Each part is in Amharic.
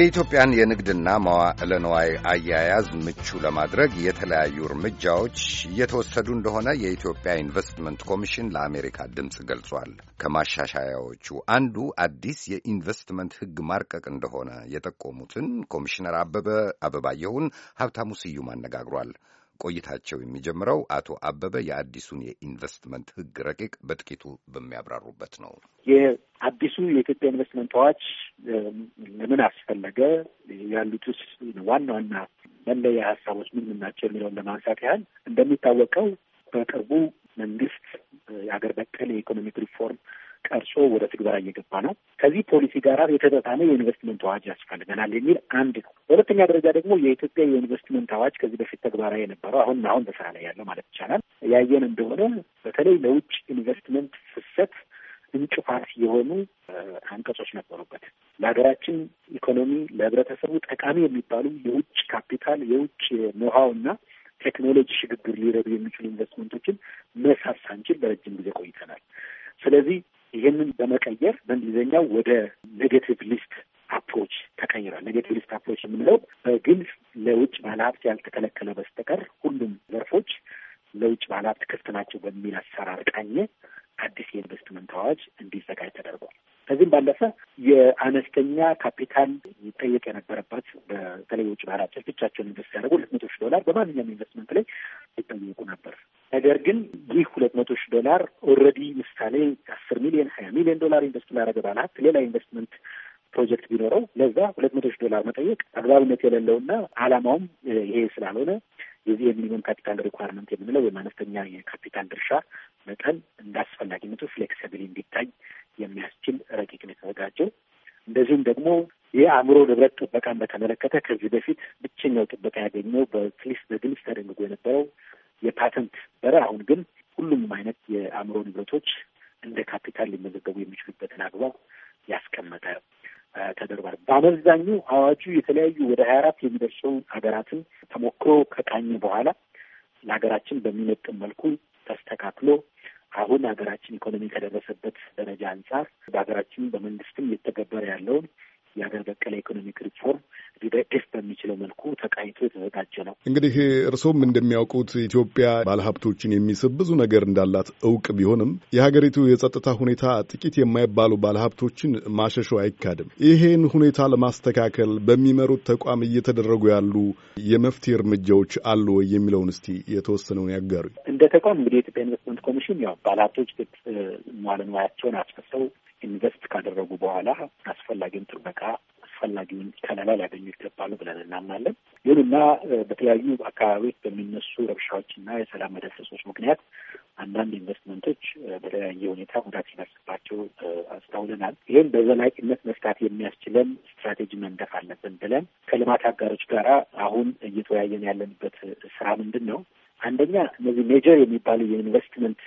የኢትዮጵያን የንግድና መዋዕለ አያያዝ ምቹ ለማድረግ የተለያዩ እርምጃዎች እየተወሰዱ እንደሆነ የኢትዮጵያ ኢንቨስትመንት ኮሚሽን ለአሜሪካ ድምፅ ገልጿል። ከማሻሻያዎቹ አንዱ አዲስ የኢንቨስትመንት ሕግ ማርቀቅ እንደሆነ የጠቆሙትን ኮሚሽነር አበበ አበባየሁን ሀብታሙ ስዩም አነጋግሯል። ቆይታቸው የሚጀምረው አቶ አበበ የአዲሱን የኢንቨስትመንት ሕግ ረቂቅ በጥቂቱ በሚያብራሩበት ነው። የአዲሱ የኢትዮጵያ ኢንቨስትመንት አዋጅ ለምን አስፈለገ፣ ያሉትስ ዋና ዋና መለያ ሀሳቦች ምን ምን ናቸው የሚለውን ለማንሳት ያህል እንደሚታወቀው በቅርቡ መንግስት የአገር በቀል የኢኮኖሚክ ሪፎርም ቀርጾ ወደ ትግበራ እየገባ ነው። ከዚህ ፖሊሲ ጋር የተጣጣመ የኢንቨስትመንት አዋጅ ያስፈልገናል የሚል አንድ ነው። በሁለተኛ ደረጃ ደግሞ የኢትዮጵያ የኢንቨስትመንት አዋጅ ከዚህ በፊት ተግባራዊ የነበረው አሁን አሁን በስራ ላይ ያለው ማለት ይቻላል ያየን እንደሆነ በተለይ ለውጭ ኢንቨስትመንት ፍሰት እንቅፋት የሆኑ አንቀጾች ነበሩበት። ለሀገራችን ኢኮኖሚ ለህብረተሰቡ ጠቃሚ የሚባሉ የውጭ ካፒታል የውጭ ኖሃው እና ቴክኖሎጂ ሽግግር ሊረዱ የሚችሉ ኢንቨስትመንቶችን መሳብ ሳንችል በረጅም ጊዜ ቆይተናል። ስለዚህ ይህንን በመቀየር በእንግሊዝኛው ወደ ኔጌቲቭ ሊስት አፕሮች ተቀይሯል። ኔጌቲቭ ሊስት አፕሮች የምንለው በግልጽ ለውጭ ባለሀብት ያልተከለከለ በስተቀር ሁሉም ዘርፎች ለውጭ ባለሀብት ክፍት ናቸው በሚል አሰራር ቃኘ አዲስ የኢንቨስትመንት አዋጅ እንዲዘጋጅ ተደርጓል። ከዚህም ባለፈ የአነስተኛ ካፒታል ይጠየቅ የነበረበት በተለይ ውጭ ባህራቸው ብቻቸውን ኢንቨስት ያደረጉ ሁለት መቶ ሺህ ዶላር በማንኛውም ኢንቨስትመንት ላይ ይጠየቁ ነበር። ነገር ግን ይህ ሁለት መቶ ሺህ ዶላር ኦልሬዲ ምሳሌ አስር ሚሊዮን ሀያ ሚሊዮን ዶላር ኢንቨስት ላደረገ ባለሀብት ሌላ ኢንቨስትመንት ፕሮጀክት ቢኖረው ለዛ ሁለት መቶ ሺህ ዶላር መጠየቅ አግባብነት የሌለውና አላማውም ይሄ ስላልሆነ የዚህ የሚኒመም ካፒታል ሪኳርመንት የምንለው ወይም አነስተኛ የካፒታል ድርሻ መጠን እንደ አስፈላጊነቱ ፍሌክሲብል እንዲታይ የሚያስችል ረቂቅ ነው የተዘጋጀው። እንደዚሁም ደግሞ የአእምሮ ንብረት ጥበቃን በተመለከተ ከዚህ በፊት ብቸኛው ጥበቃ ያገኘው በክሊስ በግልጽ ተደንግጎ የነበረው የፓተንት በረ አሁን ግን ሁሉም አይነት የአእምሮ ንብረቶች እንደ ካፒታል ሊመዘገቡ የሚችሉበትን አግባብ ያስቀመጠ ተደርጓል። በአመዛኙ አዋጁ የተለያዩ ወደ ሀያ አራት የሚደርሱ ሀገራትን ተሞክሮ ከቃኘ በኋላ ለሀገራችን በሚመጥን መልኩ ተስተካክሎ አሁን ሀገራችን ኢኮኖሚ ከደረሰበት ደረጃ አንጻር በሀገራችን በመንግስትም እየተገበረ ያለውን የሀገር በቀል ኢኮኖሚክ ሪፎርም ሊደግፍ በሚችለው መልኩ ተቃይቶ የተዘጋጀ ነው። እንግዲህ እርስዎም እንደሚያውቁት ኢትዮጵያ ባለሀብቶችን የሚስብ ብዙ ነገር እንዳላት እውቅ ቢሆንም የሀገሪቱ የጸጥታ ሁኔታ ጥቂት የማይባሉ ባለሀብቶችን ማሸሾ አይካድም። ይሄን ሁኔታ ለማስተካከል በሚመሩት ተቋም እየተደረጉ ያሉ የመፍትሄ እርምጃዎች አሉ ወይ የሚለውን እስቲ የተወሰነውን ያጋሩ። እንደ ተቋም እንግዲህ የኢትዮጵያ ኢንቨስትመንት ኮሚሽን ያው ባለሀብቶች መዋለ ንዋያቸውን አስፈሰው ኢንቨስት ካደረጉ በኋላ አስፈላጊውን ጥበቃ አስፈላጊውን ከለላ ሊያገኙ ይገባሉ ብለን እናምናለን። ይሁንና በተለያዩ አካባቢዎች በሚነሱ ረብሻዎችና የሰላም መደሰሶች ምክንያት አንዳንድ ኢንቨስትመንቶች በተለያየ ሁኔታ ጉዳት ሲደርስባቸው አስተውለናል። ይህም በዘላቂነት መፍታት የሚያስችለን ስትራቴጂ መንደፍ አለብን ብለን ከልማት አጋሮች ጋራ አሁን እየተወያየን ያለንበት ስራ ምንድን ነው? አንደኛ እነዚህ ሜጀር የሚባሉ የኢንቨስትመንት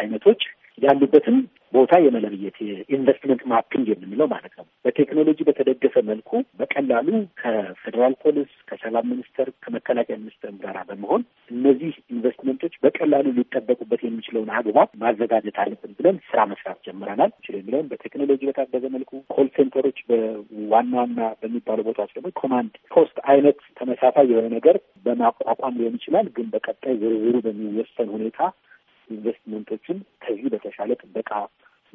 አይነቶች ያሉበትን ቦታ የመለብየት የኢንቨስትመንት ማፒንግ የምንለው ማለት ነው። በቴክኖሎጂ በተደገፈ መልኩ በቀላሉ ከፌዴራል ፖሊስ፣ ከሰላም ሚኒስቴር፣ ከመከላከያ ሚኒስቴር ጋር በመሆን እነዚህ ኢንቨስትመንቶች በቀላሉ ሊጠበቁበት የሚችለውን አግባብ ማዘጋጀት አለብን ብለን ስራ መስራት ጀምረናል። የሚለውን በቴክኖሎጂ በታገዘ መልኩ ኮል ሴንተሮች በዋና ዋና በሚባሉ ቦታዎች ደግሞ ኮማንድ ፖስት አይነት ተመሳሳይ የሆነ ነገር በማቋቋም ሊሆን ይችላል። ግን በቀጣይ ዝርዝሩ በሚወሰን ሁኔታ ኢንቨስትመንቶችን ከዚህ በተሻለ ጥበቃ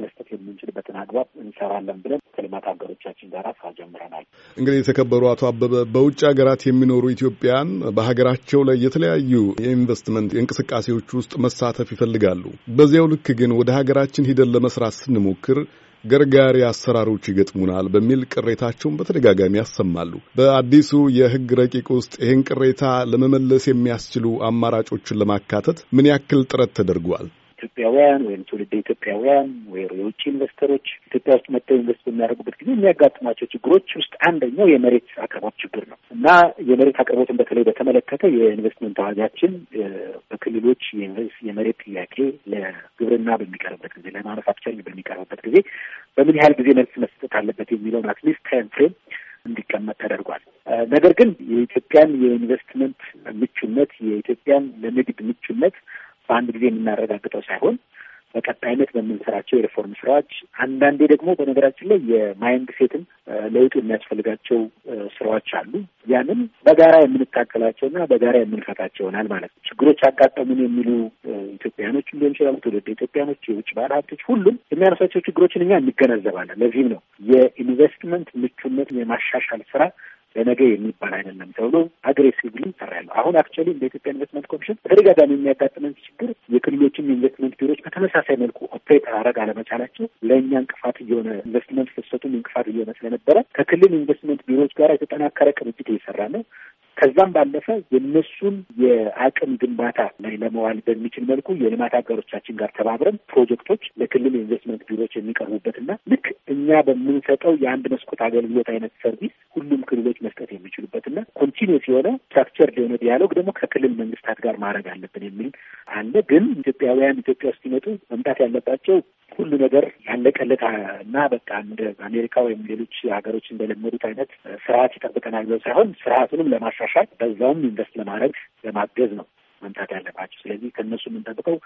መስጠት የምንችልበትን አግባብ እንሰራለን ብለን ከልማት ሀገሮቻችን ጋር ስራ ጀምረናል። እንግዲህ የተከበሩ አቶ አበበ በውጭ ሀገራት የሚኖሩ ኢትዮጵያን በሀገራቸው ላይ የተለያዩ የኢንቨስትመንት እንቅስቃሴዎች ውስጥ መሳተፍ ይፈልጋሉ። በዚያው ልክ ግን ወደ ሀገራችን ሂደን ለመስራት ስንሞክር ገርጋሪ አሰራሮች ይገጥሙናል በሚል ቅሬታቸውን በተደጋጋሚ ያሰማሉ። በአዲሱ የሕግ ረቂቅ ውስጥ ይህን ቅሬታ ለመመለስ የሚያስችሉ አማራጮችን ለማካተት ምን ያክል ጥረት ተደርጓል? ኢትዮጵያውያን ወይም ትውልደ ኢትዮጵያውያን ወይ የውጭ ኢንቨስተሮች ኢትዮጵያ ውስጥ መጥተው ኢንቨስት በሚያደርጉበት ጊዜ የሚያጋጥሟቸው ችግሮች ውስጥ አንደኛው የመሬት አቅርቦት ችግር ነው እና የመሬት አቅርቦትን በተለይ በተመለከተ የኢንቨስትመንት አዋጃችን በክልሎች የመሬት ጥያቄ ለግብርና በሚቀርብበት ጊዜ ለማኑፋክቸሪንግ በሚቀርብበት ጊዜ በምን ያህል ጊዜ መልስ መስጠት አለበት የሚለውን አትሊስት ታይም ፍሬም እንዲቀመጥ ተደርጓል። ነገር ግን የኢትዮጵያን የኢንቨስትመንት ምቹነት፣ የኢትዮጵያን ለንግድ ምቹነት በአንድ ጊዜ የምናረጋግጠው ሳይሆን በቀጣይነት በምንሰራቸው የሪፎርም ስራዎች፣ አንዳንዴ ደግሞ በነገራችን ላይ የማይንድ ሴትም ለውጡ የሚያስፈልጋቸው ስራዎች አሉ። ያንን በጋራ የምንታገላቸውና በጋራ የምንፈታቸው ይሆናል ማለት ነው። ችግሮች አጋጠሙን የሚሉ ኢትዮጵያኖች ሊሆን ይችላሉ፣ ትውልድ ኢትዮጵያኖች፣ የውጭ ባለ ሀብቶች፣ ሁሉም የሚያነሳቸው ችግሮችን እኛ እንገነዘባለን። ለዚህም ነው የኢንቨስትመንት ምቹነት የማሻሻል ስራ ለነገ የሚባል አይደለም ተብሎ አግሬሲቭሊ ይሰራል። አሁን አክቹዋሊ እንደ ኢትዮጵያ ኢንቨስትመንት ኮሚሽን በተደጋጋሚ የሚያጋጥመን ችግር የክልሎችም የኢንቨስትመንት ቢሮዎች በተመሳሳይ መልኩ ኦፕሬት አረግ አለመቻላቸው ለእኛ እንቅፋት እየሆነ ኢንቨስትመንት ፍሰቱም እንቅፋት እየሆነ ስለነበረ ከክልል ኢንቨስትመንት ቢሮዎች ጋር የተጠናከረ ቅንጅት እየሰራ ነው። ከዛም ባለፈ የነሱን የአቅም ግንባታ ላይ ለመዋል በሚችል መልኩ የልማት አጋሮቻችን ጋር ተባብረን ፕሮጀክቶች ለክልል ኢንቨስትመንት ቢሮዎች የሚቀርቡበትና ልክ እኛ በምንሰጠው የአንድ መስኮት አገልግሎት አይነት ሰርቪስ ሁሉም ክልሎች መስጠት የሚችሉበትና ኮንቲኒስ የሆነ ስትራክቸር የሆነ ዲያሎግ ደግሞ ከክልል መንግስታት ጋር ማድረግ አለብን የሚል አለ። ግን ኢትዮጵያውያን ኢትዮጵያ ውስጥ ሲመጡ መምጣት ያለባቸው ሁሉ ነገር ያለቀለት እና በቃ እንደ አሜሪካ ወይም ሌሎች ሀገሮች እንደለመዱት አይነት ስርዓት ይጠብቀናል ብለው ሳይሆን ስርዓቱንም ለማሻሻል በዛውም ኢንቨስት ለማድረግ ለማገዝ ነው መምታት ያለባቸው። ስለዚህ ከእነሱ የምንጠብቀው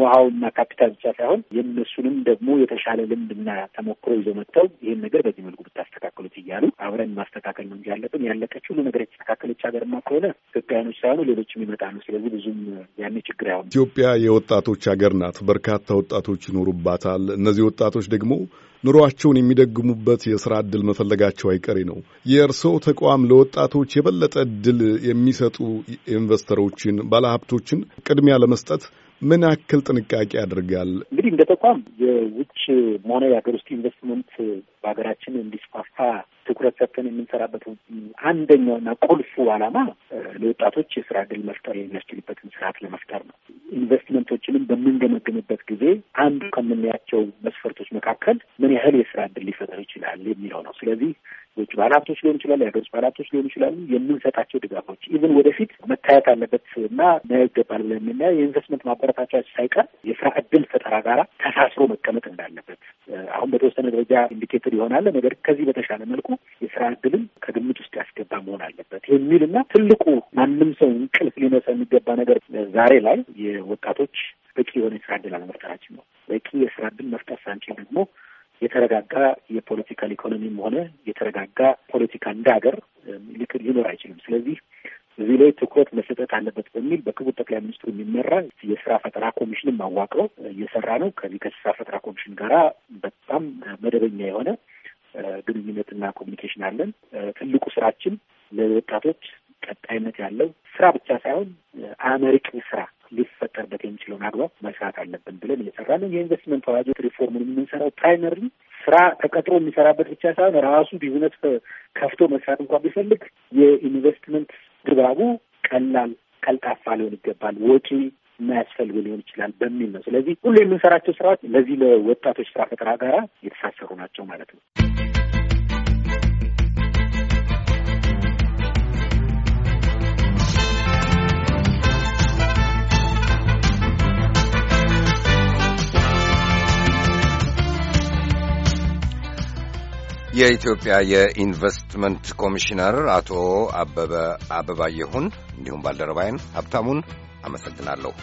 ውሃውና ካፒታል ብቻ ሳይሆን የእነሱንም ደግሞ የተሻለ ልምድና ተሞክሮ ይዞ መጥተው ይህን ነገር በዚህ መልኩ ብታስተካክሉት እያሉ አብረን ማስተካከል ነው እንጂ ያለብን ያለቀች ሁሉ ነገር የተስተካከለች ሀገርማ ከሆነ ኢትዮጵያውያኖች ሳይሆኑ ሌሎችም ይመጣሉ። ስለዚህ ብዙም ያኔ ችግር አይሆንም። ኢትዮጵያ የወጣቶች ሀገር ናት። በርካታ ወጣቶች ይኖሩባታል። እነዚህ ወጣቶች ደግሞ ኑሯቸውን የሚደግሙበት የስራ እድል መፈለጋቸው አይቀሬ ነው። የእርስዎ ተቋም ለወጣቶች የበለጠ እድል የሚሰጡ ኢንቨስተሮችን፣ ባለሀብቶችን ቅድሚያ ለመስጠት ምን ያክል ጥንቃቄ ያደርጋል? እንግዲህ እንደ ተቋም የውጭ መሆነ የሀገር ውስጥ ኢንቨስትመንት በሀገራችን እንዲስፋፋ ትኩረት ሰጥተን የምንሰራበት አንደኛውና ቁልፉ ዓላማ ለወጣቶች የስራ እድል መፍጠር የሚያስችልበትን ስርዓት ለመፍጠር ነው። ኢንቨስትመንቶችንም በምንገመገምበት ጊዜ አንዱ ከምናያቸው መስፈርቶች መካከል ምን ያህል የስራ እድል ሊፈጠር ይችላል የሚለው ነው። ስለዚህ የውጭ ባለሀብቶች ሊሆን ይችላል፣ የሀገር ውስጥ ባለሀብቶች ሊሆን ይችላሉ። የምንሰጣቸው ድጋፎች ኢቭን ወደፊት መታየት አለበት እና መያ ይገባል ብለን የምናየው የኢንቨስትመንት ማበረታቻ ሳይቀር የስራ እድል ፈጠራ ጋር ተሳስሮ መቀመጥ እንዳለበት አሁን በተወሰነ ደረጃ ኢንዲኬተር ይሆናል። ነገር ከዚህ በተሻለ መልኩ የስራ እድልም ከግምት ውስጥ ያስገባ መሆን አለበት የሚል የሚልና ትልቁ ማንም ሰው እንቅልፍ ሊነሳ የሚገባ ነገር ዛሬ ላይ የወጣቶች በቂ የሆነ የስራ እድል አለመፍጠራችን ነው። በቂ የስራ እድል መፍጠር ሳንችል ደግሞ የተረጋጋ የፖለቲካል ኢኮኖሚም ሆነ የተረጋጋ ፖለቲካ እንደ ሀገር ልክ ሊኖር አይችልም። ስለዚህ እዚህ ላይ ትኩረት መሰጠት አለበት በሚል በክቡር ጠቅላይ ሚኒስትሩ የሚመራ የስራ ፈጠራ ኮሚሽንም አዋቅረው እየሰራ ነው። ከዚህ ከስራ ፈጠራ ኮሚሽን ጋራ በጣም መደበኛ የሆነ ግንኙነትና ኮሚኒኬሽን አለን። ትልቁ ስራችን ለወጣቶች ቀጣይነት ያለው ስራ ብቻ ሳይሆን አመርቂ ስራ ሊፈጠርበት የሚችለውን አግባብ መስራት አለብን ብለን እየሰራን ነው። የኢንቨስትመንት አዋጆች ሪፎርምን የምንሰራው ፕራይመሪ ስራ ተቀጥሮ የሚሰራበት ብቻ ሳይሆን ራሱ ቢዝነስ ከፍቶ መስራት እንኳን ቢፈልግ የኢንቨስትመንት ድባቡ ቀላል፣ ቀልጣፋ ሊሆን ይገባል ወጪ የማያስፈልግ ሊሆን ይችላል በሚል ነው። ስለዚህ ሁሉ የምንሰራቸው ስራዎች ለዚህ ለወጣቶች ስራ ፈጠራ ጋራ የተሳሰሩ ናቸው ማለት ነው። የኢትዮጵያ የኢንቨስትመንት ኮሚሽነር አቶ አበበ አበባየሁን እንዲሁም ባልደረባይን ሀብታሙን አመሰግናለሁ።